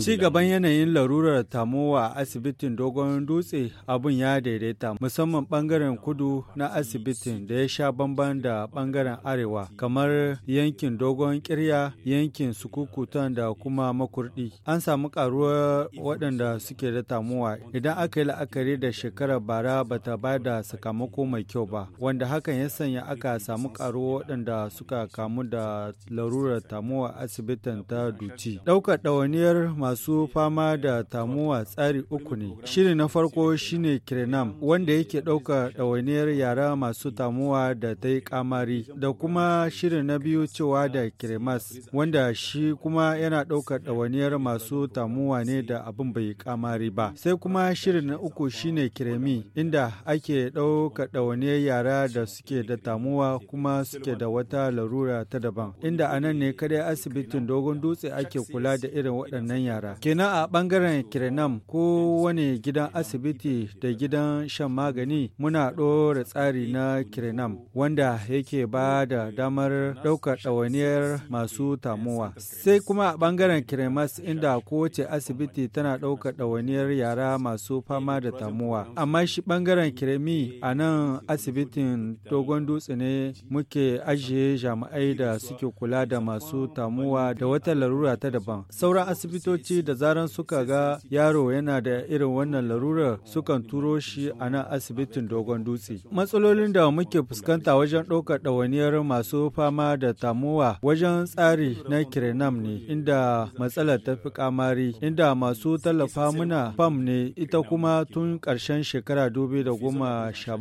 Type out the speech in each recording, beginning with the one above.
Ci gaban yanayin larurar tamowa a asibitin dogon dutse abun ya daidaita musamman bangaren kudu na asibitin da ya sha bamban da bangaren arewa kamar yankin dogon kirya yankin sukukutan da kuma makurdi. An samu karuwar waɗanda suke da tamowa idan aka yi la'akari da shekarar bara bata ba da sakamako mai kyau ba wanda hakan ya sanya aka samu karuwar waɗanda suka kamu da larurar tamowa asibitin ta marubuci. Ɗaukar ɗawainiyar masu fama da tamuwa tsari uku ne. Shiri na farko shine Kirenam wanda yake ɗaukar ɗawainiyar yara masu tamuwa da ta yi kamari da kuma shiri na biyu cewa da Kiremas wanda shi kuma yana ɗaukar ɗawainiyar masu tamuwa ne da abin bai kamari ba. Sai kuma shiri na uku shine Kiremi inda ake ɗaukar ɗawainiyar yara da suke da tamuwa kuma suke da wata larura ta daban. Inda anan ne kadai asibitin dogon dutse ake kula da irin waɗannan yara. Kenan a ɓangaren Kirenam ko wani gidan asibiti da gidan shan magani muna ɗora tsari na Kirenam wanda yake ba da damar ɗaukar ɗawainiyar masu tamuwa. Sai kuma a ɓangaren Kiremas inda kowace asibiti tana ɗaukar ɗawaniyar yara masu fama da tamuwa. Amma shi ɓangaren Kiremi a nan asibitin dogon dutse ne muke ajiye jami'ai da suke kula da masu tamuwa da wata larura larura ta daban sauran asibitoci da zaran suka ga yaro yana da irin wannan larurar sukan turo shi a nan asibitin dogon dutse matsalolin da muke fuskanta wajen ɗaukar ɗawaniyar masu fama da tamuwa wajen tsari na kirenam ne inda matsalar ta fi kamari inda masu tallafa muna fam ne ita kuma tun karshen shekara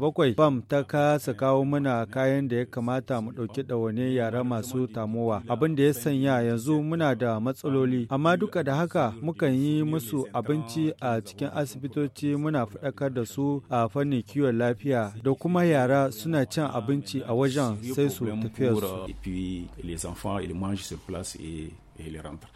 bakwai fam ta kasa kawo mana kayan da ya kamata mu ɗauki ɗawani yara masu tamuwa abin da ya sanya yanzu muna da matsaloli, amma duka da haka mukan yi musu abinci a cikin asibitoci muna faɗakar da su a fannin kiwon lafiya da kuma yara suna cin abinci a wajen sai su tafiya su.